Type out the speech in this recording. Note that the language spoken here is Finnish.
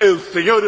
El Señor